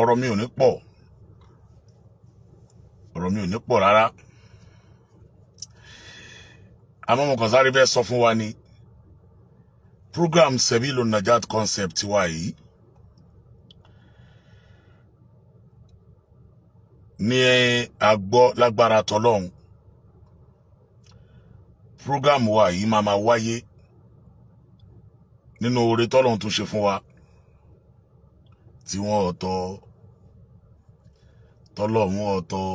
ọ̀rọ̀ mi ò ní pọ̀ ọ̀rọ̀ mi ò ní pọ̀ rárá àmọ́ mo kàn sáré fẹ́ sọ fún wa ni program sebilu najat concept wa yìí ní agbọ́ lágbára tọlọ́hun program wa yìí máa máa wáyé nínú oore tọ́lọ́hun tún ṣe fún wa tí wọ́n ọ̀tọ̀ tọlọ́run ọ̀tọ̀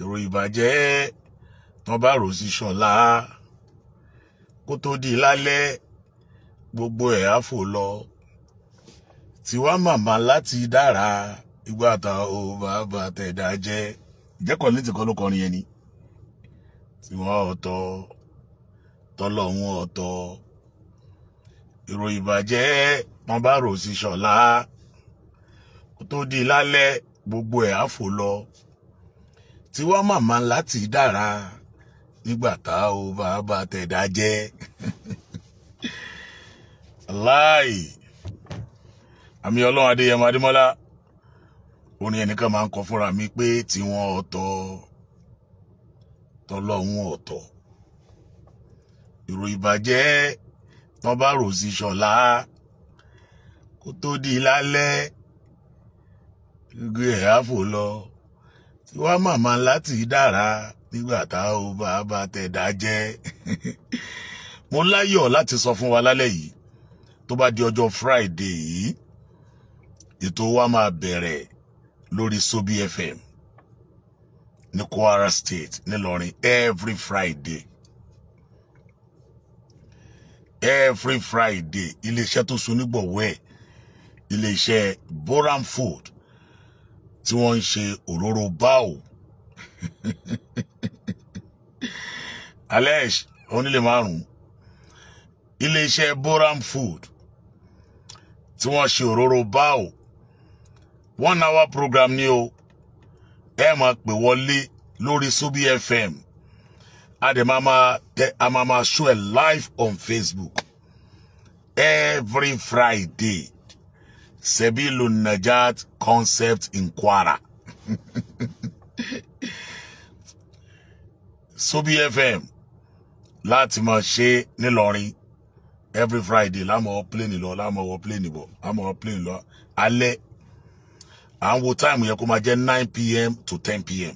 èrò ìbàjẹ́ tán bá rò sí ṣọ̀la kó tó di lálẹ́ gbogbo ẹ̀ á fò lọ tiwa màmá láti dára ìgbà ta ò bàbá tẹ̀dá jẹ́ ìjẹ́kọ̀ọ́ ní tìkọ́ ló kọrin yẹn tiwa ọ̀tọ̀ tọlọ́run ọ̀tọ̀ èrò ìbàjẹ́ tán bá rò sí ṣọ̀la kó tó di lálẹ́ gbogbo ẹ̀ àfò lọ tiwa màmá láti dára nígbà tá ò bá bá tẹ̀dá jẹ́ láì àmì ọlọ́run adéyẹmọ adémọ́lá orin ẹnìkan máa ń kọ fúnra mi pé tiwọn ọ̀tọ̀ tọlọ́hún ọ̀tọ̀ ìrò ìbàjẹ́ tán bá rò sí ṣọ̀lá kó tó di lálẹ́ gbé ẹ̀háfò lọ tí wá màmá láti dára nígbà tá ò bá bá tẹ̀dá jẹ́ mo láyọ̀ láti sọ fún wa lálẹ́ yìí tó bá di ọjọ́ Friday yìí ètò wa máa bẹ̀rẹ̀ lórí Sobi FM ní Kwara State nílọrin every Friday every Friday iléeṣẹ́ tó so nígbọ̀wọ́ ẹ̀ iléeṣẹ́ Boram Food tí wọ́n ń ṣe òróró báwò alex onílé márùn iléeṣẹ́ boram food tí wọ́n ṣe òróró báwò one hour program ni o ẹ máa pè wọlé lórí subi fm ademama tẹ amama show ẹ live on facebook every friday Sebilun Najat concept in Subi FM láti máa ṣe nílọrin every Friday lámọ̀ọ́ pléènì lọ lámọ̀ọ́ pléènì bọ̀ lámọ̀ọ́ pléènì lọ alẹ́ à ń wo táìmù yẹn kó máa jẹ́ nine pm to 10 pm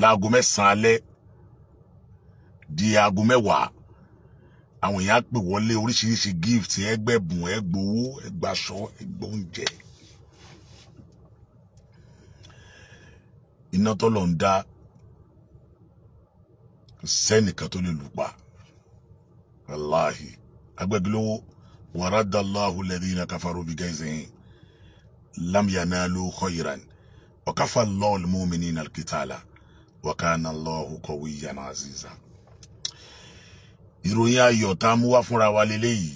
láago mẹ́sàn-án alẹ́ di aago mẹ́wàá àwọn èèyàn á pè wọlé oríṣiríṣi gift ẹgbẹ̀bùn ẹgbowó ẹgbàṣọ ẹgbóúnjẹ. iná tọ́lọ̀ ń dá sẹ́nìkan tó lè lù pa aláhi agbẹ́gilówó wàrádàláhu lẹ́dínà káfàró bìgá ìsẹ̀yìn lámìyànà ló khayran ọ̀káfà lọ́ọ̀lù mọ́mìnì nàlkìtàlà wàkánà lọ́ọ̀hù kọ̀wé yànà àzíza ìròyìn ayọ̀ tá a mú wá fúnra wa leléyìí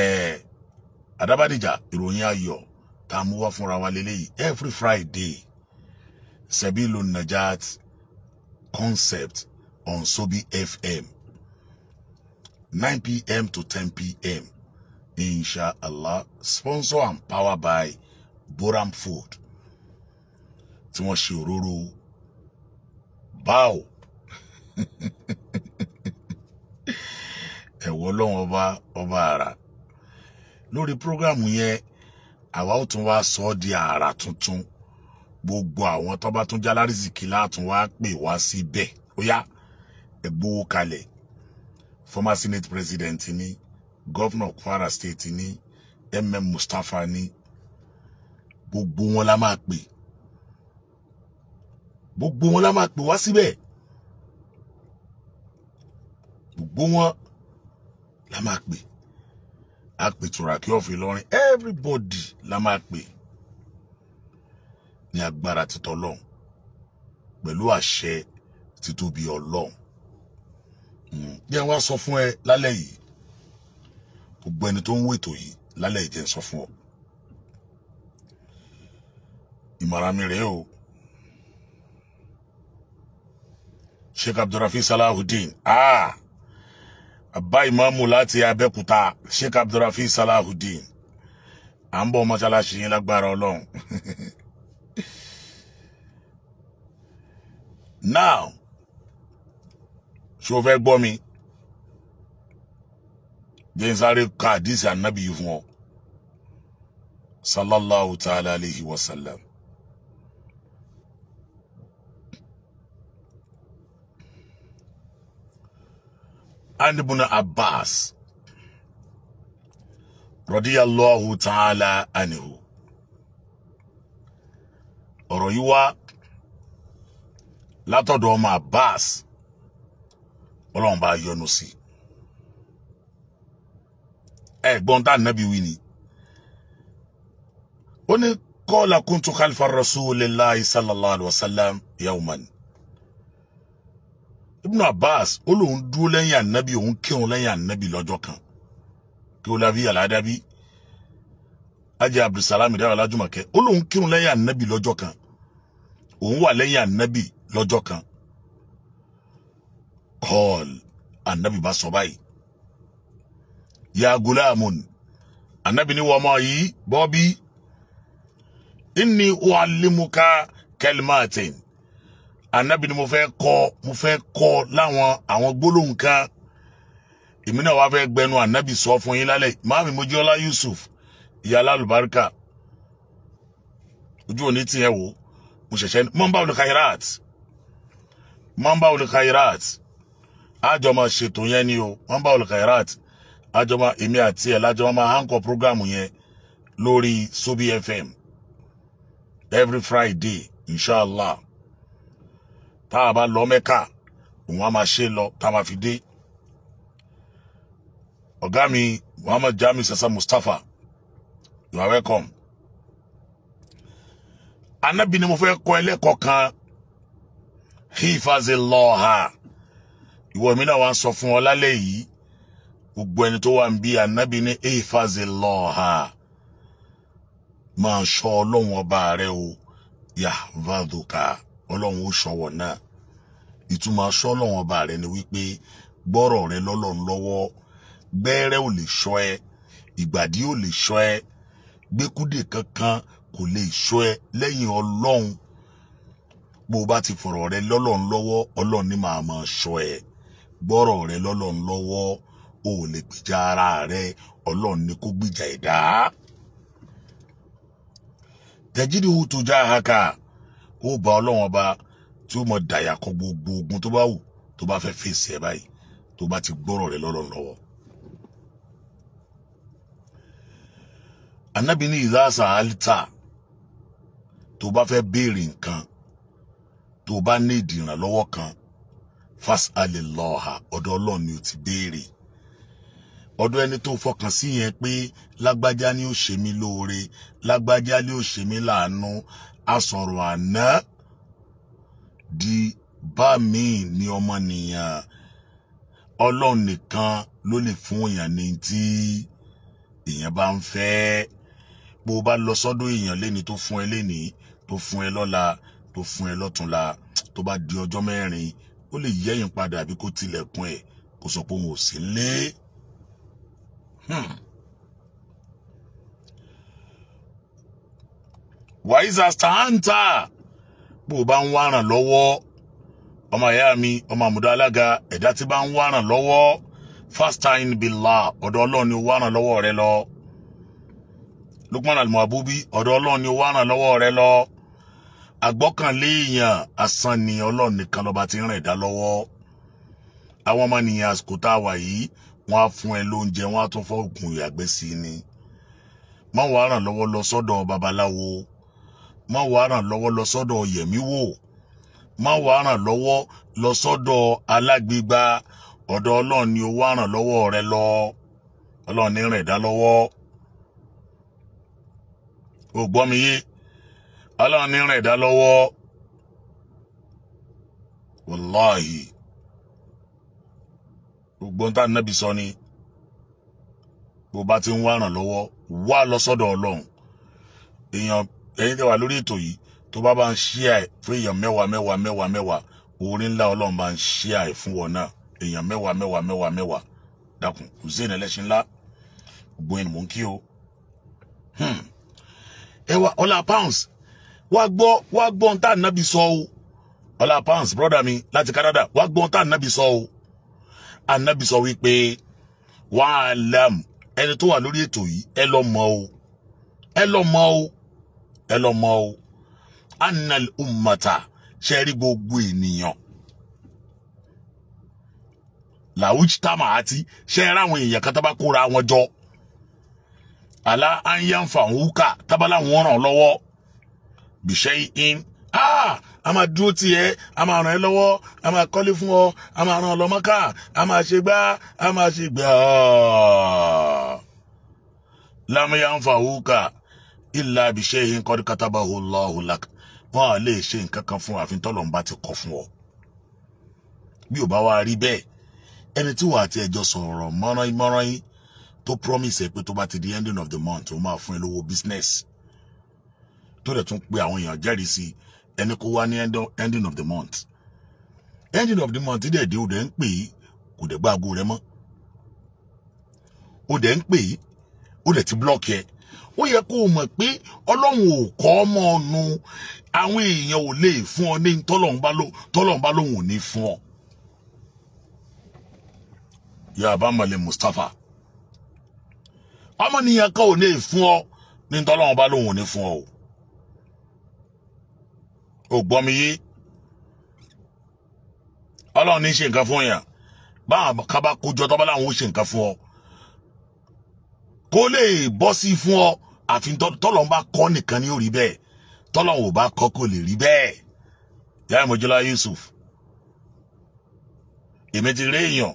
ẹ̀ẹ́ Adabadija ìròyìn ayọ̀ tá a mú wá fúnra wa leléyìí every Friday Sebilu Najat concept on Sobi FM 9 p.m. to 10 p.m. Insha Allah. sponsor and powered by Boram Food tí wọ́n ṣe òróró báwo ẹ̀wọ́ ọlọ́run ọba ọba àrà lórí prógrámù yẹn àwa ó tún wá sọ ọ́ di àrà tuntun gbogbo àwọn tó bá tún jálárìsìkì látún wá pè wá síbẹ̀ ó yá ẹ̀gbówó kalẹ̀ former senate president ni governor Kwara state ni mm Mustapha ni gbogbo wọn la máa pè gbogbo wọn la máa pè wá síbẹ̀ gbogbo wọn la máa pè á pè tùràkì ọ̀fìn lọ́rin everybody la máa pè ní agbára títọ́ lọ́hùn pẹ̀lú àṣẹ títóbi ọlọ́hùn hmm, bí ẹ wá sọ fún ẹ lálẹ́ yìí gbogbo ẹni tó ń wètò yìí lálẹ́ yìí jẹ́ ń sọ fún ọ ìmọ̀ràn mi rèé o Sheikh Abdulrafi Salahudeen ah àbá ìmáàmù láti abẹ́kúta sheikh abdulrafi salahudeen à ń bọ̀ mọ́ṣáláṣí yín lágbára ọlọ́run now ṣé o fẹ́ gbọ́ mi jẹ́ n sáré ka àdìsí ànábì fún ọ sallallahu ta'ala alayhi wa sallam. and Ibn Abbas radiyallahu ta'ala anhu ọ̀rọ̀ yìí wá látọ̀dọ̀ ọmọ Abbas ọlọ́run bá yọ́nú sí ẹ̀gbọ́n tá ànábì wí ni ó ní kọ́ọ̀lá kuntu khalifa rasulillahi sallallahu alayhi wa sallam yawman Ibn Abbas ó lóun dúró lẹ́yìn ànábì òun kírun lẹ́yìn ànábì lọ́jọ́ kan kí ó lábí àládábí ajé abdulsalam ìdáwà lájúmọ̀kẹ́ ó lóun kírun lẹ́yìn ànábì lọ́jọ́ kan òun wà lẹ́yìn ànábì lọ́jọ́ kan kọ́ọ̀l ànábì bá sọ báyìí ya gulaamun ànábì ni wọ́n mọ̀ yìí bọ́bí inni uallimuka kalimatin anabi ni mo fẹ́ kọ́ mo fẹ́ kọ́ láwọn àwọn gbólóhùn kan èmi náà wá fẹ́ gbẹnu anabi sọ fún yín lálẹ́ maami mojola yusuf ìyá alálùbáríkà ojú òní tiẹ̀ wò mo ṣẹ̀ṣẹ̀ mọ́nbà olùkàyírat mọ́nbà olùkàyírat àjọ máa ṣètò yẹn ni o mọ́nbà olùkàyírat àjọ máa èmi àti ẹ̀ lájọ máa hankọ programu yẹn lórí sobi fm every friday inshallah tá a bá lọ mẹ́kà òun á máa ṣe lọ tá a máa fi dé ọ̀gá mi muhammad jami sasa mustapha you are welcome anabi ni mo fẹ́ kọ́ ẹlẹ́kọ̀ọ́ kan hifazi lọ́ha ìwọ mi náà wá ń sọ fún ọ lálẹ́ yìí gbogbo ẹni tó wà ń bí anabi ní hifazi lọ́ha máa ṣọ́ ọlọ́run ọba rẹ o yahvaduka. Yeah, ọlọ́run ó ṣọwọ́ náà ìtumọ̀ aṣọ ọlọ́run ọba rẹ ni wípé gbọ́rọ̀ rẹ lọ́lọ́run lọ́wọ́ gbẹ́rẹ́ ò lè ṣọ́ ẹ ìgbàdí ò lè ṣọ́ ẹ gbẹ́kúdè kankan kò lè ṣọ́ ẹ lẹ́yìn ọlọ́run bó o bá ti fọ̀rọ̀ rẹ lọ́lọ́run lọ́wọ́ ọlọ́run ni màá máa ṣọ́ ẹ gbọ́rọ̀ rẹ lọ́lọ́run lọ́wọ́ o ò lè gbìjà ara rẹ ọlọ́run ni kó gbìjà ẹ̀dá. tajidu tuja haka. O ba ọlọ́run ọba tí ó mọ dàyà kọ gbogbo ogun tó bá wù tó bá fẹ́ fèsì ẹ̀ báyìí tó bá ti gbọ́rọ̀ rẹ̀ lọ́rọ̀ lọ́wọ́. anabi ní ìlàsà alita tó bá fẹ́ béèrè nǹkan tó bá ní ìdìrànlọ́wọ́ kan fas alilọ́ha ọ̀dọ̀ ọlọ́run ni o ti béèrè ọ̀dọ̀ ẹni tó fọkàn sí yẹn pé lágbájá ni ó ṣe mí lóore lágbájá ni ó ṣe mí láàánú asọ̀rọ̀ àná di bá mi ní ọmọnìyàn ọlọ́run nìkan ló lè fún èèyàn ní tí èèyàn bá ń fẹ́ bó bá lọ sọ́dọ̀ èèyàn léni tó fún ẹ léni tó fún ẹ lọ́la tó fún ẹ lọ́túnla tó bá di ọjọ́ mẹ́rin ó lè yẹ̀yìn padà àbí kó tilẹ̀kùn ẹ̀ kó sọ pé òun ò sí nílé. Hmm. wàyísà santa bó o bá ń wá ràn lọ́wọ́ ọmọ ìyá mi ọmọ àmúdá alága ẹ̀dá tí bá ń wá ràn lọ́wọ́ fastain billah ọ̀dọ̀ ọlọ́run ni ó wá ràn lọ́wọ́ rẹ lọ Lukman almuabubi ọ̀dọ̀ ọlọ́run ni ó wá ràn lọ́wọ́ rẹ lọ àgbọ́kànlé èèyàn asán ni ọlọ́run nìkan lọ́ba ti ràn ẹ̀dá lọ́wọ́ àwọn ọmọ nìyẹn àsìkò tá a wà yìí wọ́n á fún ẹ lóúnjẹ wọ́n á tún fọ́ ògùn ni má wàá ràn lọ́wọ́ lọ sọ́dọ̀ babaláwo. So má wàá ràn lọ́wọ́ lọ sọ́dọ̀ yẹ̀mí wò má wàá ràn lọ́wọ́ lọ sọ́dọ̀ alágbègbà ọ̀dọ̀ ọlọ́run ni ó wá ràn lọ́wọ́ rẹ lọ ọlọ́run ní rìn dá lọ́wọ́ ò gbọ́ mi yé ọlọ́run ní rìn dá lọ́wọ́ wàláhì gbogbo ohun tá nábì sọ ni bó bá ti ń wá ràn lọ́wọ́ wá lọ sọ́dọ̀ ọlọ́run èèyàn ẹ̀yin tẹ́ wà lórí ètò yìí tó bá bá ń ṣíà ẹ̀ fún èèyàn mẹ́wàá mẹ́wàá mẹ́wàá mẹ́wàá orí ńlá ọlọ́run bá ń ṣíà ẹ̀ fún wọn náà èèyàn mẹ́wàá mẹ́wàá mẹ́wàá mẹ́wàá dákun hussein ẹlẹ́sìn ńlá gbogbo ẹni mò ń kí o. Hmm. ẹ ọlá pounds wá gbọ́ wá gbọ́ ohun tá nábì sọ o ọlá pounds broda mi láti Canada wá gbọ́ ohun tá à nábì sọ o ànábì sọ wípé wàá làm ẹni tó wà lórí ètò yìí ẹ lọ mọ̀ o ẹ lọ mọ̀ o ẹ lọ mọ o annal ummata ṣe rí gbogbo ènìyàn làwùjì támà àti ṣe ráwọn èèyàn kan tábà kóra wọn jọ àlá anyanfa òwúkà tábà láwọn ràn lọ́wọ́ bìṣẹ in ah a máa dúró tì ẹ́ a máa ràn ẹ́ lọ́wọ́ a máa kọ́lé fún ọ a máa ràn ọ lọ a máa ṣe gbá a máa ṣe gbà lámúyánfa òwúkà illa bi shay'in qad katabahu Allahu lak wọn à lè ṣe nǹkan kan fún àfin tọ́lọ̀ ń bá ti kọ fún ọ bí ò bá wá rí bẹ́ẹ̀ ẹni tí wà á ẹjọ́ sọ̀rọ̀ mọ́rán-mọ́rán yín tó promise ẹ pé tó bá ti di ending of the month ó máa fún ẹ lówó business tó dẹ̀ tún pe àwọn èèyàn jẹ́rìí sí ẹni kó wá ní ending of the month ending of the month dẹ̀ dé o dẹ̀ ń pè é kò dẹ̀ gbá aago rẹ mọ́ o ń pè é o dẹ̀ ti block ẹ ó yẹ kó o mọ̀ pé ọlọ́run ò kọ́ ọmọ ọ̀nu àwọn èèyàn ò lè fún ọ ní tọ́lọ́run bá lóhùn ò ní fún ọ. yàbá malẹ̀ Mustapha ọmọnìyàn kan ò lè fún ọ ní tọ́lọ́run bá ò ní fún ọ o. ò gbọ́ mi yé ọlọ́run ní í ṣe nǹkan fún yàn báwọn kábàkójọ tọ́ba láwọn ó ṣe nǹkan fún ọ kó lè bọ́ sí fún ọ àfi tọ́lọ́n bá kọ́ nìkan ní ó rí bẹ́ẹ̀ tọ́lọ́n ò bá kọ́ kò lè rí bẹ́ẹ̀ yàrá ìmọ̀jọ́lá Yusuf èmi ti rí èèyàn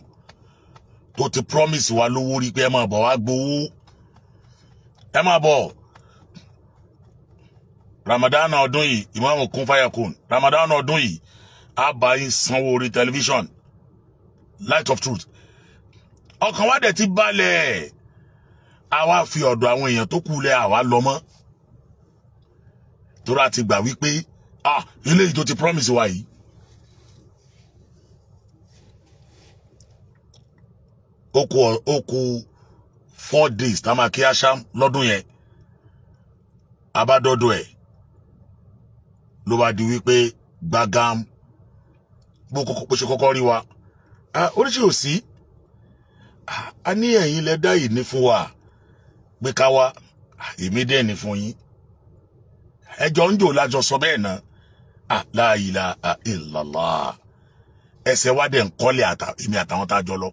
tó ti promise wa lówó rí pé ẹ máa bọ̀ wá gbowó ẹ máa bọ̀ Ramadan ọdún yìí ìmáàmù kún fàyàkùn Ramadan ọdún yìí á bá yín sanwó orí tẹlifíṣàn Light of Truth ọkàn wa dẹ̀ ti balẹ̀ àwa fi ọ̀dọ̀ àwọn èèyàn tó kù lẹ̀ àwa lọ mọ́ torí a ti gbà wípé ah eléyìí tó ti promise wa yìí ó kù four days tá a máa kí aṣam lọ́dún yẹn abádọ́dọ̀ ẹ̀ ló bá di wípé gbagam bó kókó pé ṣe kọ́kọ́ rí wa oríṣiríṣi a ní ẹ̀yin lẹ dá yìí ní fún wa. Ah, pé ká wá èmi dẹ́ ni fún yín ẹjọ́ ń jò lájọ sọ bẹ́ẹ̀ náà à ah, la ilaha illallah ẹsẹ̀ wa dẹ̀ ń kọ́lẹ̀ èmi àtàwọn tá a jọ lọ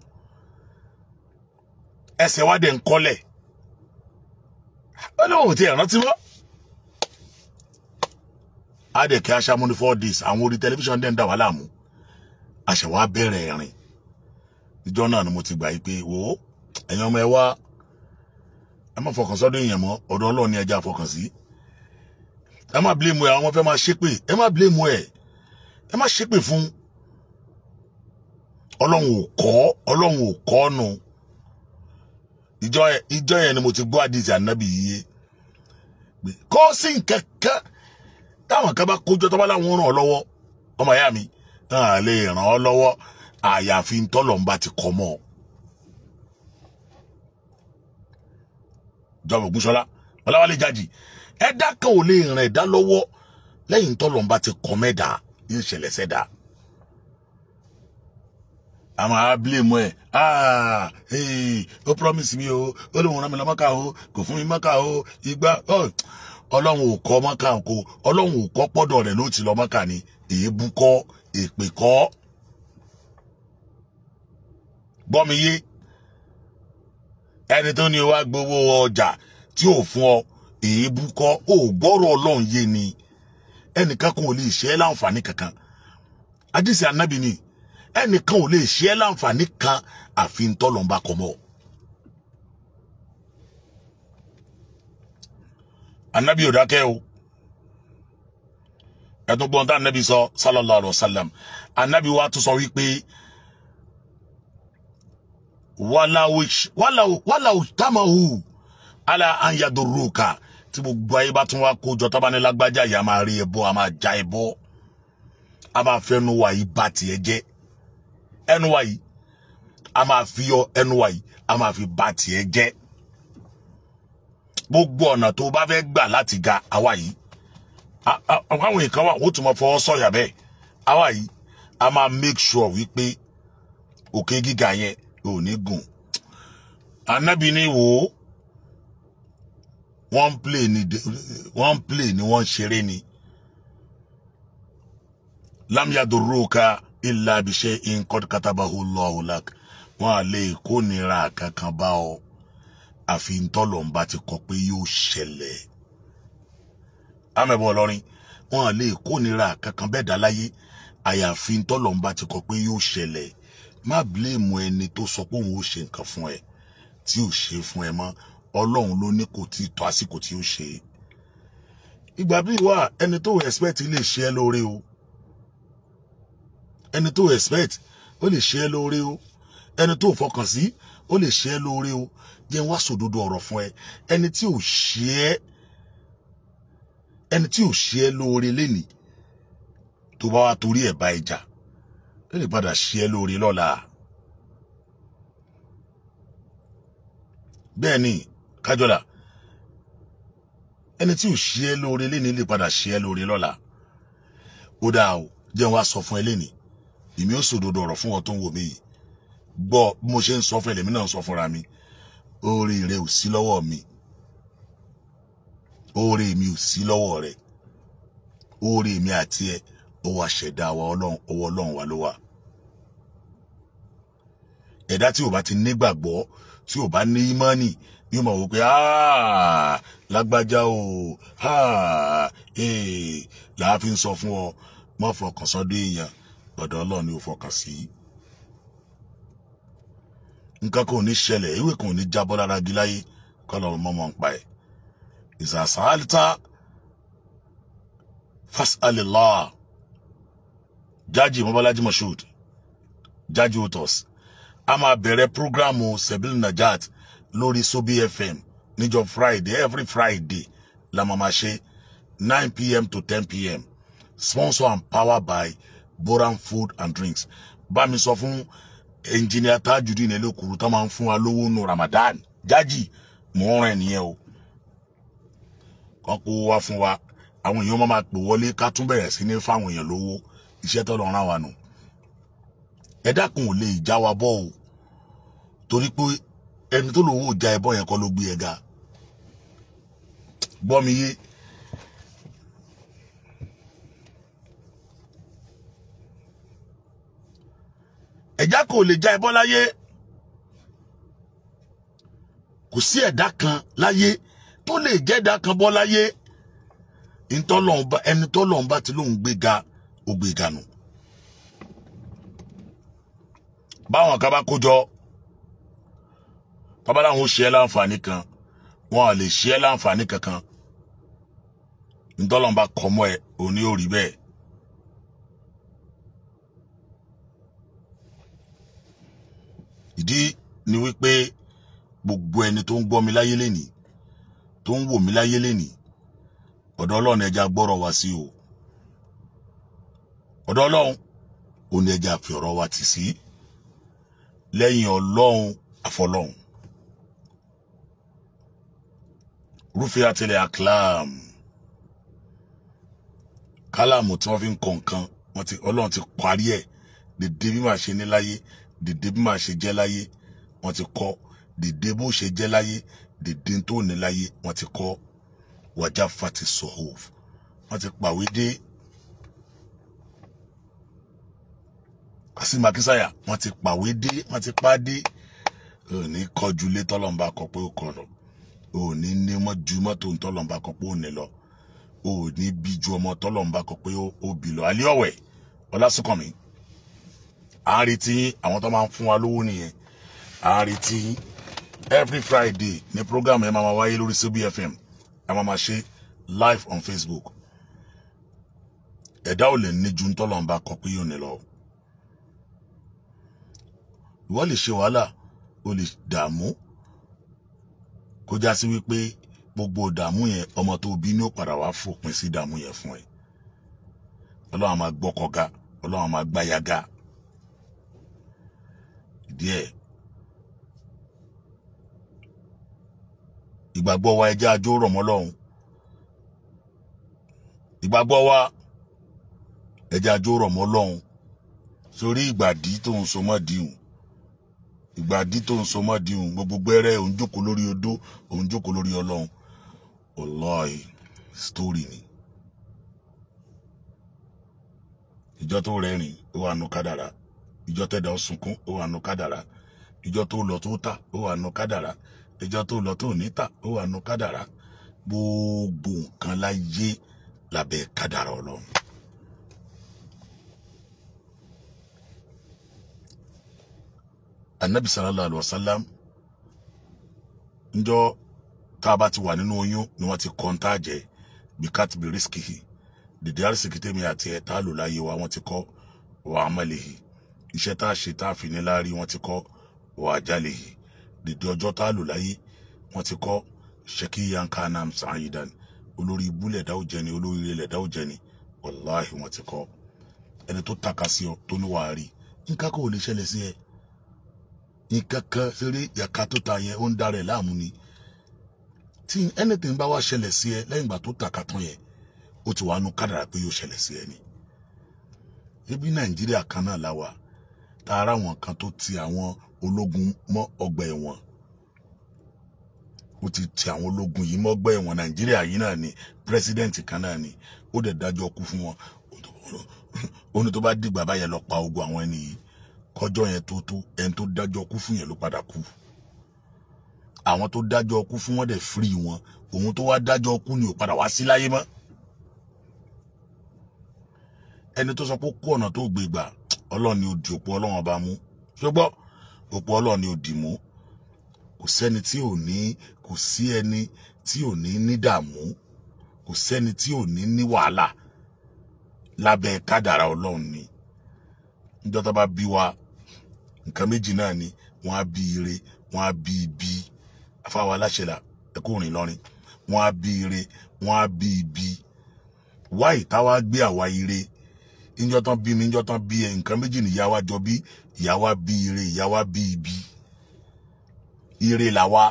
ẹsẹ̀ wa dẹ̀ ń kọ́lẹ̀ ó lóun ò tiẹ̀ rántí mọ́ á dẹ̀ kí aṣáámú ní four days àwọn orí tẹlifíṣàn dẹ̀ ń dà wá láàmú àṣẹ wa bẹ̀rẹ̀ ẹ̀rìn ìjọ náà ni mo ti gbà yí pé wò ó ẹ̀yin ọmọ ẹ wá ẹ má fọkàn sọ́dọ̀ èèyàn mọ́ ọ̀dọ̀ Ọlọ́run ni ẹja fọkàn sí ẹ má blame ẹ àwọn fẹ́ máa ṣépè ẹ má blame ẹ ẹ má ṣépè fún Ọlọ́run ò kọ́ Ọlọ́run ò kọ́ nu ìjọ yẹn ni mo ti gbọ́ àdìsí ànábì yìí kò sí nǹkan kan táwọn kan bá kójọ tó bá láwọn ràn ọ́ lọ́wọ́ ọmọ ìyá mi hàn lè ràn ọ́ lọ́wọ́ àyàfi ntọ́lọ̀ ti kọ́ mọ́ ọ. Dr. Ògúnṣọlá Ọláwálé Jàjì ẹ̀dá kan ò lè ràn ẹ̀dá lọ́wọ́ lẹ́yìn tọ́lọ́mbà ti kọ́ mẹ́dà yóò ṣẹlẹ̀ sẹ́dà àmọ́ a blame ẹ̀ ah, ó promise mi o ó lóun rán mi lọ mọ́kà o kò fún mi mọ́kà o ìgbà ọlọ́run ò kọ́ mọ́kà kó ọlọ́run ò kọ́ pọ́dọ̀ rẹ̀ ló ti lọ mọ́kà ni èébú kọ́ èpè kọ́ gbọ́ yé ẹni tó ní wá gbowó ọjà tí ò fún ọ èébú kọ́ ò gbọ́rọ̀ ọlọ́run yé ni ẹnìkan kan ò lè ṣe é láǹfààní kankan àdìsí anábì ni ẹnìkan ò lè ṣe é láǹfààní kan àfi ntọ́lọ́mbà kọ́ mọ́. anábì ò dákẹ́ o ẹ̀dùn gbọ́ntà anábì sọ sallallahu alaihi wasallam anábì wa tún sọ wípé wàláwù tàmáhù àlà àyàdòrúkà tí gbogbo ayé bá tún wá kójọ tábánilágbájá yìí a máa rí ẹbọ a máa já ẹbọ a máa fẹnu wa yìí bá tiẹ̀ jẹ́ ẹnu wa yìí a máa fi yọ ẹnu wa yìí a máa fi bá tiẹ̀ jẹ́ gbogbo ọ̀nà tó bá fẹ́ gbà láti ga àwa yìí àwọn nǹkan wà wọ́n tún máa fọwọ́ sọ̀yà bẹ́ẹ̀ àwa yìí a máa make sure wípé òkè gíga yẹn ò ní gùn anábì ní wò ó wọ́n ń play ni wọ́n play ni wọ́n ń ṣeré ni lámìyàdòróka ilà abiṣẹ nkọd katabahu lọhùlák wọn à lè kó nira kankan o. ọ àfi ntọ́lọ́mbà ti kọ pé yóò ṣẹlẹ̀ amẹ́bọ̀ ọlọ́rin wọn à lè kó nira kankan bẹ́ẹ̀ dá láyé àyàfi ntọ́lọ́mbà ti kọ pé yóò ṣẹlẹ̀ má bílẹ̀mù ẹni tó sọ pé òun ò ṣe nǹkan fún ẹ tí ò ṣe fún ẹ mọ́ ọlọ́run ló ní kò tí tó àsìkò tí ó ṣe ìgbà bíi wà ẹni tó expect lè ṣe ẹ lóore o ẹni tó expect ó lè ṣe ẹ lóore o ẹni tó fọkàn sí ó lè ṣe ẹ lóore o jẹ́ wá sòdodo ọ̀rọ̀ fún ẹ ẹni tí ò ṣe ẹ ẹni tí ò ṣe ẹ lóore lénìí tó bá wá torí ẹ̀ bá ẹ jà tó lè padà ṣe ẹ́ lóore lọ́la. bẹ́ẹ̀ ni kájọlá ẹni tí ò ṣe ẹ́ lóore léni lè padà ṣe ẹ́ lóore lọ́la. ó dáa o jẹ́ wá sọ fún ẹ léni èmi ò sòdodo ọ̀rọ̀ fún ọ tó ń wò mí yìí gbọ́ bí mo ṣe ń sọ fún ẹ lèmi náà ń sọ fúnra mi oore rẹ ò sí lọ́wọ́ mi oore mi ò sí lọ́wọ́ rẹ oore mi àti ẹ ọwọ́ àṣẹ̀dá wa ọlọ́run ọwọ́ ọlọ́run wa ló wà. ẹ̀dá tí o bá ti nígbàgbọ́ tí ò bá ní ìmánì yóò máa wò pé lágbájá o eh, làá fi ń sọ fún ọ má fọkàn sọ́dọ̀ èèyàn ọ̀dọ̀ Ọlọ́run ni o fọkàn sí nǹkan kò ní ṣẹlẹ̀ ewé kò ní jábọ́ lára igi láyé kọlọrun mọmọ ń pa ẹ ìsàsáàlítà fasalillah Jaji mọbálájí moshood Jaji otos a máa bẹ̀rẹ̀ prógrámù sebil najat lórí sobi fm níjọ friday every friday la máa ma ṣe nine pm to 10 pm sponsor and power by boran food and drinks bá mi sọ fún ẹnjìnìà tajudeen ẹlẹ́kùrú tó máa ń fún wa lówó nu ramadan jaji mò ń rìn nìyẹn o kàn kó wá fún wa àwọn èèyàn máa pè wọlé ká tún bẹ̀rẹ̀ sí ní fáwọn èèyàn lówó iṣẹ́ tó lọ rán wa nù. No ẹ̀dá kan ò lè já wa bọ́ o torí pé ẹni tó lòun ò já ẹbọ yẹn kọ́ ló gbé ẹ ga gbọ́ mi yé. ẹ̀já kò lè já ẹbọ láyé kò sí ẹ̀dá kan láyé tó lè jẹ́dá kan bọ́ láyé ẹni tọ́lọ́run bá ti lóun gbé ó gbé nù. No. báwọn kan bá kójọ bàbá làwọn ò ṣe é láǹfààní kan wọn à lè ṣe é láǹfààní kankan ntọ́lọ́mba kọ́mọ́ ẹ òní ò rí bẹ́ẹ̀. ìdí ni wípé gbogbo ẹni tó ń gbọ́ mi láyé lénìí tó ń wò mí láyé lénìí ọ̀dọ̀ ọlọ́run ẹja gbọ́rọ̀ wá sí o ọ̀dọ̀ ọlọ́run òní ẹja fi ọ̀rọ̀ wa tì sí. Si lẹ́yìn ọlọ́run àfọlọ́run rúfin àtẹlẹ aklam kálàmù tí wọ́n fi ń kọ nǹkan ọlọ́run ti parí ẹ̀ dèdè bí màá ṣe ní láyé dèdè bí màá ṣe jẹ́ láyé wọ́n ti kọ dèdè bó ṣe jẹ́ láyé dèdè tó ní láyé wọ́n ti kọ wàjà fati sohof wọ́n ti pàwé dé Kasim Akisaya wọ́n ti pàwé dé wọ́n ti pa dé ò ní kọjú lé tọ́lọ́mbà kọ pé ó kọ̀nà ò ní ní mọ́jú mọ́tò tọ́lọ́mbà kọ pé ó ní lọ ò ní bíjú ọmọ tọ́lọ́mbà kọ pé ó bì lọ alẹ́ ọ̀wẹ̀ ọlásùnkànmí à ń retí àwọn tó máa ń fún wa lówó nìyẹn à ń retí every Friday ní program ẹ máa wáyé lórí Síbí FM ẹ máa máa ṣe live on Facebook ẹ̀dá ò lè ní ju tọ́lọ́mbà kọ pé yóò ní lọ ìwọ lè ṣe wàhálà o lè dààmú kó já sí wípé gbogbo dààmú yẹn ọmọ tó bí ní ó padà wá fòpin sí dààmú yẹn fún ẹ ọlọ́run máa gbọ́kọ̀ ọlọ́run máa gbáya díẹ̀ ìgbàgbọ́ wa ẹja ajó rọ̀ mọ́ lọ́hùn ìgbàgbọ́ wa ẹja ajó rọ̀ mọ́ lọ́hùn sórí ìgbàdí tó ń so mọ́ dìhùn ìgbà dí tó ń so mọ́ di òun gbogbo gbẹ́rẹ́ òun lórí odó òun lórí ọlọ́run ọlọ́ọ̀hì sítórì ni ìjọ tó rẹ́rìn ó wà nù kádàrá ìjọ tẹ̀dá ó sunkún ó wà nù kádàrá ìjọ tó lọ tó tà ó wà nù kádàrá ìjọ tó lọ tó ní tà ó wà nù kádàrá gbogbo nǹkan láyé lábẹ́ kádàrá ọlọ́run. anabi sallallahu alayhi wa sallam njọ tá a bá ti wà nínú oyún ni wọ́n ti kọ́ńtà jẹ bí kátìbí rísíkì dìde àrísìkì tèmi àti ẹ̀ tá a lò láyé wa wọ́n ti kọ́ wà á mọ̀lẹ̀ yìí iṣẹ́ tá a ṣe tá a fi ní láárí wọ́n ti kọ́ wà á jálè yìí dìde ọjọ́ tá a lò láyé wọ́n ti kọ́ ṣẹ́kí yanka nam sàáyídàn olórí ibú lẹ̀dá òjẹni olórí ilé lẹ̀dá òjẹni wàláhì ti kọ́ ẹni tó taka sí ọ tó ní wàá rí nǹkan kò lè ṣẹlẹ̀ sí ẹ nǹkan kan ṣeré yàká tó ta yẹn ó ń darẹ̀ láàmú ni tí anything bá wá ṣẹlẹ̀ sí ẹ lẹ́yìn ìgbà tó tàka tán yẹn ó ti wà nù kádàrà pé yóò ṣẹlẹ̀ sí ẹ ni ebi nàìjíríà kan náà la wà tá ara wọn kan tó ti àwọn ológun mọ́ ọgbà ẹ̀wọ̀n ó ti ti àwọn ológun yìí mọ́ ọgbà ẹ̀wọ̀n nàìjíríà yìí náà ni pírẹsidẹ́ǹtì kan náà ni ó dẹ̀ dájọ́ kú fún wọn òun tó bá dìgbà báyẹn lọ pa ogun àwọn ẹni yìí kọjọ́ yẹn tó tó ẹni tó dájọ́ kú fún yẹn ló padà kú àwọn tó dájọ́ kú fún wọn dẹ̀ firi wọn òun tó wá dájọ́ kú ni ò padà wá sí láyé mọ́ ẹni tó sọ pé kú ọ̀nà tó gbé gbà ọlọ́run ni ó di òpó ọlọ́run ọba mú ṣùgbọ́n òpó ọlọ́run ni ó dì mú kò sẹ́ni tí ò ní kò sí ẹni tí ò ní ní dààmú kò sẹ́ni tí ò ní ní wàhálà lábẹ́ kádàrá ọlọ́run ni níjọ́ bí wa nǹkan méjì náà ni wọ́n á bí ire wọ́n á bí ibi afáwa aláṣẹlà ẹkú rìn lọrin wọ́n á bí ire wọ́n á bí ibi wáì táwa gbé àwa ire ìjọ bí mi ìjọ bí ẹ nǹkan méjì ni ìyá wa jọ bí ìyá wa bí ire ìyá wa bí ibi ire làwa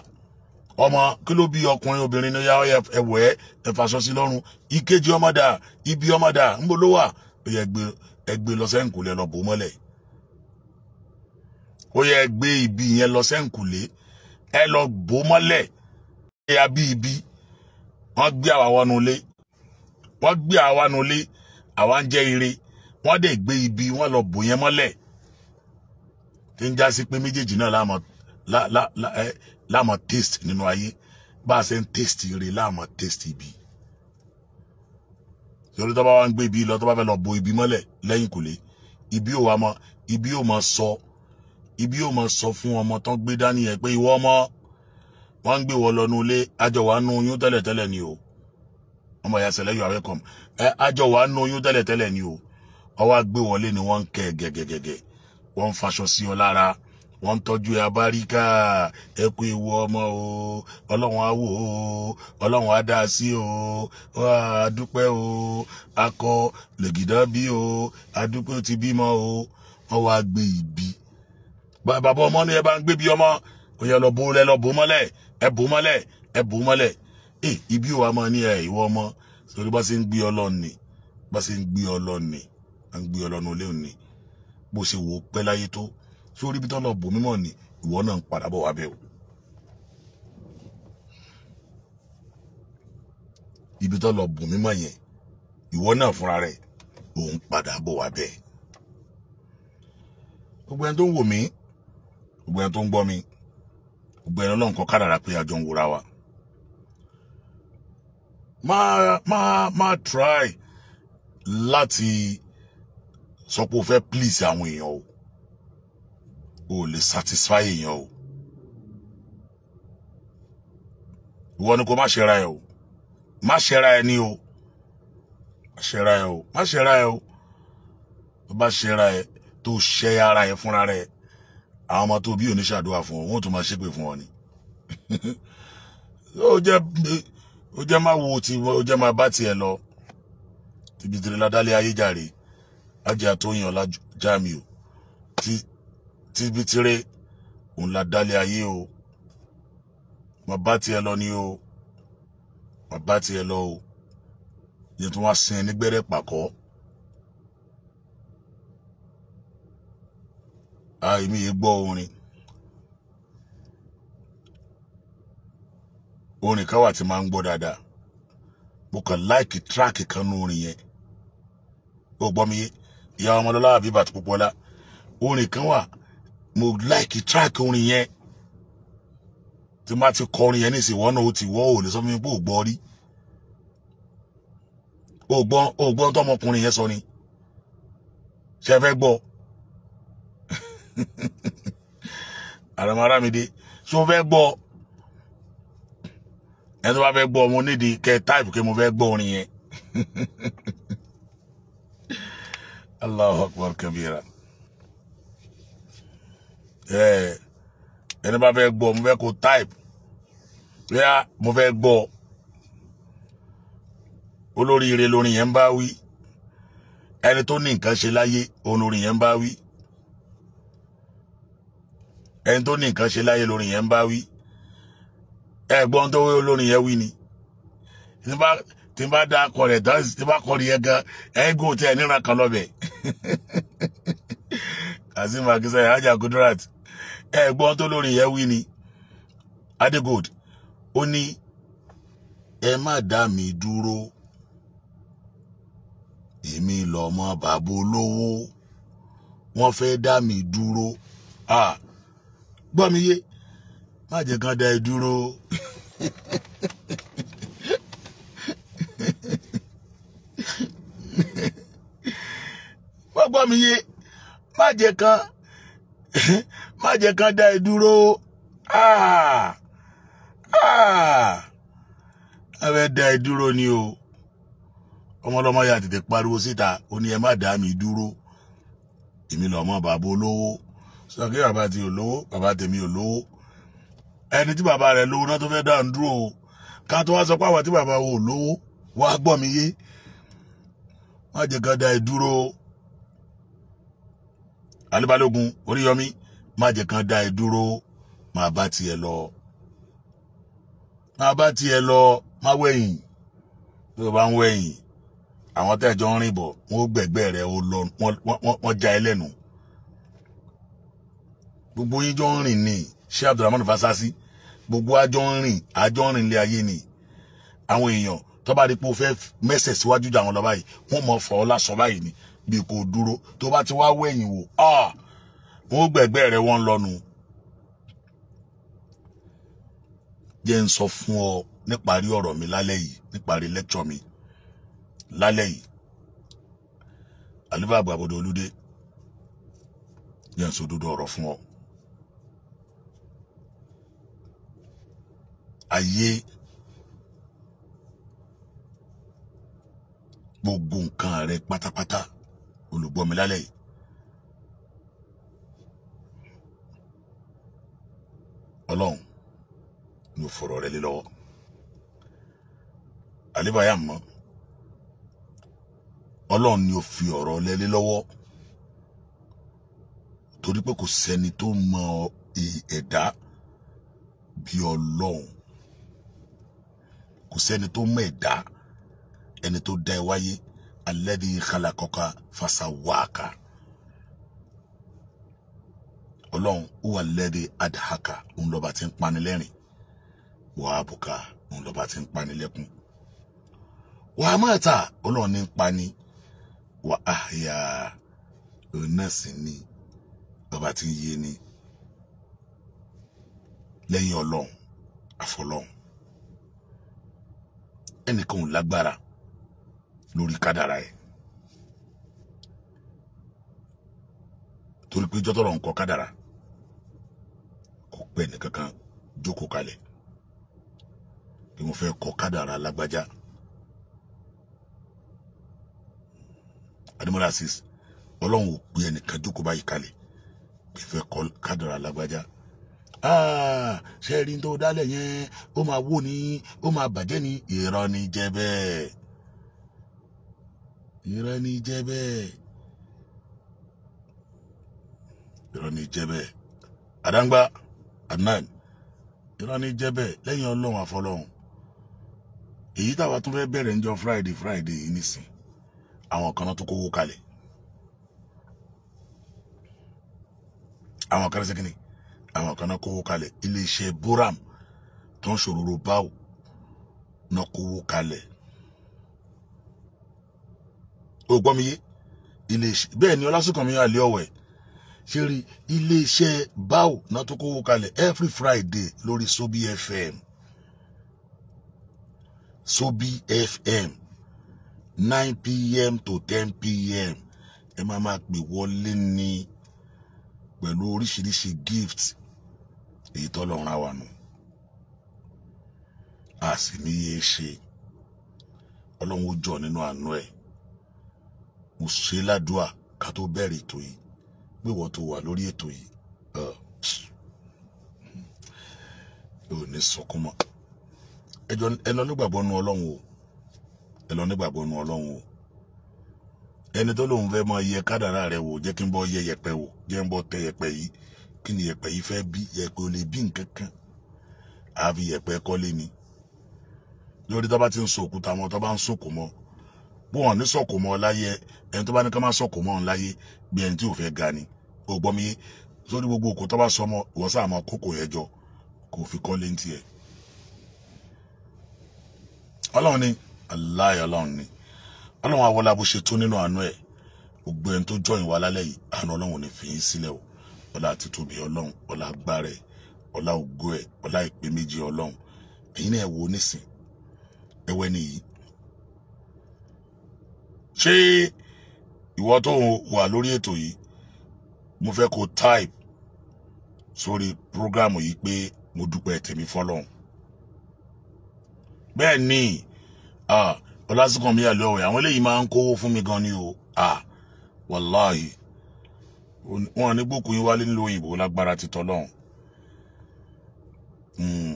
ọmọ kí ló bí ọkùnrin obìnrin ní yá ẹwọ ẹ ẹfàṣọ sí lọ́rùn ìkejì ọmọdà ibi ọmọdà ńbọ ló wà ẹgbẹ lọsẹ ń lọ bò mọ́lẹ̀ ó yẹ gbé ibi yẹn lọ sẹ́ǹkùlé ẹ lọ bò mọ́lẹ̀ ẹ ya bí ibi wọ́n gbé àwa wọnú ilé wọ́n gbé àwa wọnú ilé àwa ń jẹ́ ire wọ́n dẹ̀ gbé ibi wọ́n lọ bò yẹn mọ́lẹ̀ tí ń já sí pé méjèèjì náà láàmọ̀ láàmọ̀ taste nínú ayé bá a ṣe ń taste ire láàmọ̀ taste ibi torí bá wá ń gbé ibi lọ tó bá fẹ́ lọ bo ibi mọ́lẹ̀ lẹ́yìn kùlé ibi ò wá mọ́ ibi ò mọ́ sọ. So, ibi yóò máa sọ fún ọmọ tán gbé dání ẹ pé ìwọ ọmọ wọn ń gbé wọ lọ nulẹ àjọ wa nu oyún tẹ́lẹ̀tẹ́lẹ̀ ni o ọmọ ìyá sẹlẹ yóò welcome ẹ àjọ wa nu oyún tẹ́lẹ̀tẹ́lẹ̀ ni o ọwọ́ àgbé wọlé ni wọ́n ń kẹ́ gẹ́gẹ́gẹ́gẹ́ wọ́n ń faṣọ sí ọ lára wọ́n ń tọ́jú ẹ abáríkà ẹ kú ewu ọmọ o ọlọ́run á wò o ọlọ́run á sí o a dúpẹ́ o akọ lègìdá bí o a dúpẹ́ ó ti bímọ o wọ́n wá gbé bàbá ọmọ ni ẹ bá ń gbé bí ọmọ òyìn lọ bó lẹ lọ bó mọ́lẹ̀ ẹ bó mọ́lẹ̀ ẹ bó mọ́lẹ̀ ẹ eh, ibi ò wá máa ní ẹ ìwọ ọmọ torí bá ṣe ń gbé ọlọ́ọ̀nì bá ṣe ń gbé ọlọ́ọ̀nì à ń gbé ọlọ́ọ̀nì olé òní bó ṣe wò ó pẹ́ láyé tó sórí ibi tó lọ bò mímọ́ ni ìwọ náà ń padà bọ̀ wá bẹ́ẹ̀ o. ibi tó bò mímọ́ yẹn ìwọ náà fúnra rẹ̀ òun padà bọ̀ wá bẹ́ẹ̀. gbogbo ẹni tó ń wò mí gbogbo ẹni tó ń gbọ́ mi gbogbo ẹni ọlọ́run kọ kádàrá pé àjọ ń wòra wa máa máa máa try láti sọ pé o fẹ́ please àwọn èèyàn o o lè satisfy èèyàn o ìwọ ni kò má ṣera ẹ o má ṣera ẹ ní o má ṣera ẹ o má ṣera ẹ o bá ṣera ẹ tó ṣe ara ẹ fúnra rẹ àwọn ọmọ tó bí òní ṣàdúrà fún ọ wọn tún máa ṣépè fún ọ ni ó jẹ ó jẹ máa wo ti ó jẹ máa bá tiẹ̀ lọ ibi tí ládàlẹ ayéjàre ajá tó yàn ọlá jámi o ti ti bi tire òun ládàlẹ ayé o máa bá tiẹ̀ lọ ni o máa bá tiẹ̀ lọ o yẹn tó wá sin ẹni gbẹrẹ pàkọ́. èmi yìí gbọ́ orin orin kan wà tí máa ń gbọ́ dáadáa mo kàn láìkì tíráàkì kan nú orin yẹn ó gbọ́ mi ìyá ọmọlọ́lá àbí bàtí púpọ̀lá orin kan wà mo láìkì tíráàkì orin yẹn tí má ti kọ yẹn nísìnyí wọ́n náà ó ti wọ́ ò lè sọ fún mi pé ò gbọ́ rí ò gbọ́ ò gbọ́ tọmọkùnrin yẹn sọ ni ṣe fẹ́ gbọ́ àràmàràmìdé ṣé o fẹ́ gbọ́ tó bá fẹ́ gbọ́ mo nídìí kẹ táìpù kí mo fẹ́ gbọ́ orin yẹn Allahu akbar kabira ẹni bá fẹ́ gbọ́ mo fẹ́ kó táìpù bóyá mo fẹ́ gbọ́ olóríire lórin yẹn bá wí ẹni tó ní nǹkan ṣe láyé olórin yẹn bá wí ẹni tó ní nǹkan ṣe láyé lórin yẹn ń bá wí ẹ̀gbọ́n tó wí olórin yẹn wí ni tí n bá da akọ rẹ̀ dáhùn tí n bá kọ́ ni yẹn gan ẹ̀gbọ́n tẹ ẹ̀ níran kan lọ́bẹ̀ kazeem akisa ìhájà Kudirat ẹ̀gbọ́n tó lórin yẹn wí ni Adegold ó ní ẹ má dá mi dúró èmi lọmọ bàbá olówó wọ́n fẹ́ dá mi dúró ah gbọ́ mi yé má jẹ́ kán da ẹ dúró má gbọ́ mi yé má jẹ́ kán má jẹ́ kán da ẹ dúró ah ah abẹ́ da ẹ dúró ni o ọmọlọmọ yà tètè pariwo síta ó ní ẹ má dá mi dúró èmi lọ́mọ bàbá olówó sọ pé bàbá ti olówó bàbá tèmi olówó ẹni tí bàbá rẹ̀ lówó náà tó fẹ́ dá ń dúró o ká tó wá sọ pé àwọn tí bàbá wo olówó wá gbọ́ mi yé má jẹ́ ká da ẹ dúró alibalogun oríyọmí má jẹ́ ká da ẹ dúró má bá tiẹ̀ lọ má bá tiẹ̀ lọ má wẹ̀yìn tó bá ń wẹ̀yìn àwọn tẹ́jọ́ ń rìn bọ̀ wọ́n gbẹ̀gbẹ́ rẹ̀ wọ́n já ẹ lẹ́nu gbogbo yín jọ ń rìn ni ṣé abdulrahman fasasi gbogbo àjọ ń rìn àjọ ń rìn ilé ayé ni àwọn èèyàn tó bá rí pé o fẹ́ mẹ́sẹ̀ síwájú jà wọn lọ báyìí wọ́n mọ̀ fọ́ ọ lásọ báyìí ni bí kò dúró tó bá ti wá wẹ̀yìn wò wọ́n gbẹ̀gbẹ́ rẹ̀ wọ́n lọ́nu. jẹ́ ń sọ fún ọ níparí ọ̀rọ̀ mi lálẹ́ yìí níparí lẹ́kṣọ̀ mi lálẹ́ yìí àlùfáà àbúrò olúdé jẹ́ ń sọ òdodo ọ̀rọ̀ fún ọ. ayé gbogbo nǹkan rẹ pátápátá olùgbọ́ mi lálẹ́ yìí. ọlọ́run ni ò fọ̀rọ̀ rẹ lé lọ́wọ́ àlébáyà mọ́ ọlọ́run ni ò fi ọ̀rọ̀ lẹ lé lọ́wọ́ torí pé kò sẹ́ni tó mọ ẹ̀dá bí ọlọ́run kò sẹ́ni tó mọ̀ ẹ̀dá ẹni tó dá ẹ wáyé alladhi khalaqaka fasawwaka ọlọ́run huwa alladhi adhaka òun lọ́ba ti ń panilẹ́rìn wa abuka òun lọ́ba ti ń panilẹ́kún wa amata ọlọ́run ní ń pani wa ahya òun náà sì ni lọ́ba ti ń yé ni lẹ́yìn ọlọ́run àfọlọ́run ẹnìkan ò lágbára lórí kádàrá ẹ̀ torí pé jọ́tọ̀rọ̀ nǹkan kádàrá kò pẹ́ nìkankan jókòó kalẹ̀ bí mo fẹ́ kọ kádàrá lágbájá adimola sis ọlọ́run ò pé ẹnìkan jókòó báyìí kalẹ̀ bí mo fẹ́ kọ kádàrá lágbájá. Ah, ṣe rí tó dálẹ̀ yẹn ó máa wó ni ó máa bàjẹ́ ni irọ́ ni jẹ́ bẹ́ẹ̀ irọ́ ni bẹ́ẹ̀ irọ́ ni bẹ́ẹ̀ àdáńgbá adnan irọ́ ni jẹ́ bẹ́ẹ̀ lẹ́yìn ọlọ́run àfọlọ́run èyí táwa tún fẹ́ bẹ̀rẹ̀ níjọ́ friday friday yìí nìsín àwọn kan náà tún kówó kalẹ̀ àwọn kan ṣe kí ni àwọn kan náà kówó kalẹ̀ iléeṣẹ́ boram tó ń ṣòroro báwò náà kówó kalẹ̀ o gbọ́ mi yé iléeṣẹ́ bẹ́ẹ̀ ni ọlásùnkànmí àlẹ́ ọ̀wẹ̀ ṣe rí iléeṣẹ́ báwò náà tó kówó kalẹ̀ every friday lórí sobi fm sobi fm nine pm to ten pm ẹ máa máa pè wọlé ní pẹ̀lú oríṣiríṣi gift èyí tọ́lọ́run á wà nù a sì ní yé ṣe ọlọ́run ó jọ nínú àánú ẹ̀ mo ṣe ládùúà ká tó bẹ̀rẹ̀ ètò yìí pé wọ́n tó wà lórí ètò yìí ò ní sunkún mọ́ ẹ lọ nu ọlọ́run o ẹ lọ nu ọlọ́run o ẹni tó lóun fẹ́ mọ iye kádàrá rẹ wò jẹ́ kí n bọ́ yẹ yẹpẹ wò jẹ́ n bọ́ tẹ yẹpẹ yìí kí ni yẹ̀pẹ̀ yìí fẹ́ bí yẹ̀pẹ̀ ò lè bí nǹkan kan àfi yẹ̀pẹ̀ kọ́lé ni lórí tó bá ti ń so òkúta mọ́ tó bá ń sòkò mọ́ bó wọn ní sòkò mọ́ láyé ẹni tó bá ní ká má sòkò mọ́ láyé bí ẹni tí ò fẹ́ ga ni ò gbọ́ mi yé sórí gbogbo òkú tó bá sọ mọ́ ìwọ sáà mọ́ kókò yẹn jọ kò fi kọ́lé ní tiẹ̀ ọlọ́run ni aláì ọlọ́run ni ọlọ́run àwọlá bó ṣe tó nínú àánú ẹ̀ gbogbo ẹni tó jọyìn wa lálẹ́ yìí àánú ọlọ́run ò ní fi yín sílẹ̀ o ọlá títóbi ọlọ́run ọlá agbára ẹ̀ ọlá ògo ẹ̀ ọlá ìpè méjì ọlọ́run ẹ̀yin náà wo nísìn ẹwẹ́ nìyí ṣé ìwọ tó wà lórí ètò yìí mo fẹ́ kó type sórí programu yìí pé mo dúpẹ́ tèmi fọlọ́run bẹ́ẹ̀ ni ọlásùnkànmí àlọ́ ẹ̀ àwọn eléyìí máa ń kówó fún mi gan ni o wàláhì. Ah, wọn ní gbókùn yín wálé nílùú òyìnbó lágbára ti tọlọ́run hmm.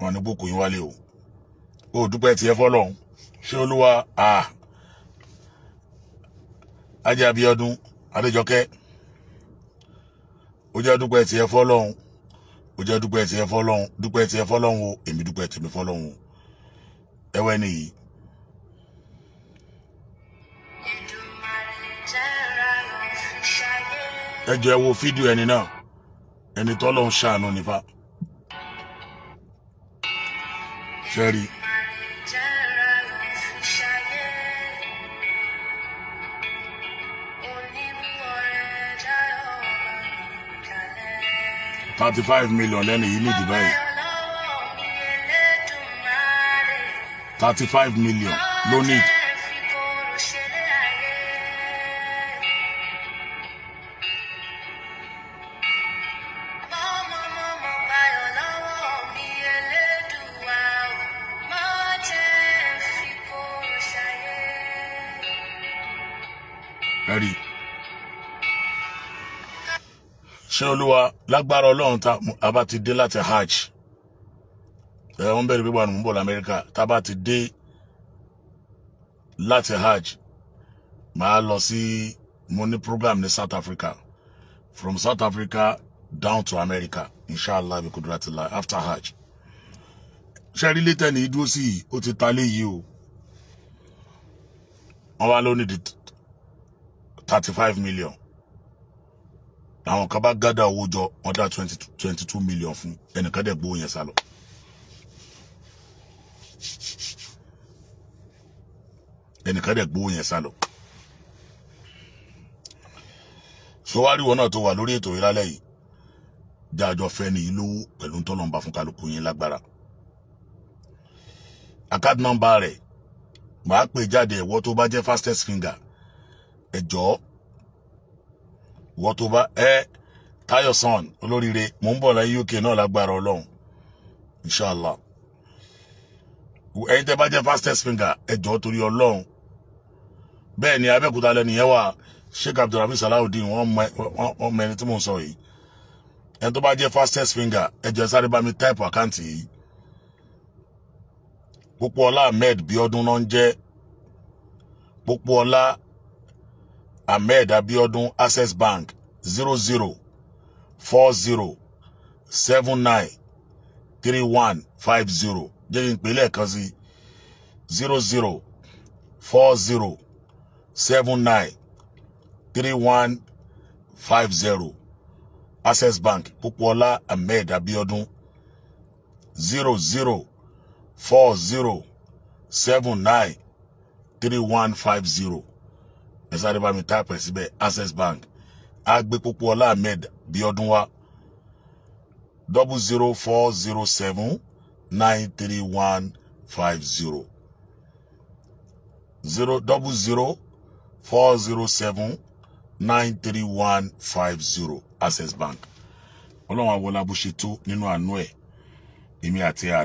wọn ní gbókùn yín wálé o ó dúpẹ́ tiẹ̀ fọlọ́run ṣé olúwa a ajé Abíọ́dún Adéjọkẹ́ ó jẹ́ dúpẹ́ tiẹ̀ fọlọ́run ó jẹ́ dúpẹ́ tiẹ̀ fọlọ́run dúpẹ́ tiẹ̀ fọlọ́run o èmi dúpẹ́ tèmi fọlọ́run o ẹwẹ́ nìyí. ẹ ẹ wo fídíò ẹni náà ẹni tọ́lọ́run ṣàánú nípa ṣẹ́rí. thirty five million lẹ́nu yìí nídìí báyìí thirty five million ló nídìí. ṣé olúwa lágbára ọlọ́run tá a bá ti dé láti hajj ẹ wọ́n bẹ̀rẹ̀ pípa ànùmọ́ bọ̀ lamẹ́ríkà tá a bá ti dé láti hajj màá lọ sí money program ní South Africa from South Africa down to America inshallah bí kudratila after hajj ṣẹ́rí létẹ̀ ní dúró sí yìí ó ti ta léyìí o wọ́n wá lónìí di thirty five million àwọn kan bá gádà owó jọ wọ́n dá twenty two million fún ẹnìkan dẹ̀ gbowó yẹn sá lọ. ẹnìkan dẹ̀ gbowó yẹn sá lọ. so wá ríwọ náà tó wà lórí ètò ìlálẹ́ yìí jáàjọ fẹ́ ni ìlówó pẹ̀lú tọ́lọ́mbà fún kálukú yín lágbára. àkáàdì nọ́mbà rẹ̀ màá pè jáde ẹ̀wọ́ tó bá jẹ́ fastest finger ẹ̀jọ́ ìwọ tó bá ẹ Tayo Son olóríire mò ń bọ̀ láyé UK náà lágbára ọlọ́run inshallah ẹ̀yin tẹ́ bá jẹ́ fastest finger ẹ̀jọ̀ torí ọlọ́run bẹ́ẹ̀ ni abẹ́kúta lẹ́nu yẹn wà Sheikh Abdulrahman Salawudeen wọ́n mọ ẹni tí mò ń sọ yìí ẹni tó bá jẹ́ fastest finger ẹ̀jọ̀ sáré bá mi type àkáǹtì yìí Pópóọlá Ahmed Bíọ́dún náà ń jẹ́ Pópóọlá ahmed abiodun access bank zero zero four zero seven nine three one five zero jẹ́ kí n pè lẹ́ẹ̀kan sí zero zero four zero seven nine three one five zero access bank Popoola ahmed abiodun zero zero four zero seven nine three one five zero ẹ bá mi táàpù ẹ̀ síbẹ̀ access bank agbẹ́pọ̀pọ̀ ahmed bíọ́dún wa double zero four zero seven nine three one five zero zero double zero four zero seven nine three one five zero access bank ọlọ́run àwọlá bó ṣe tó nínú àánú ẹ̀ èmi àti àná.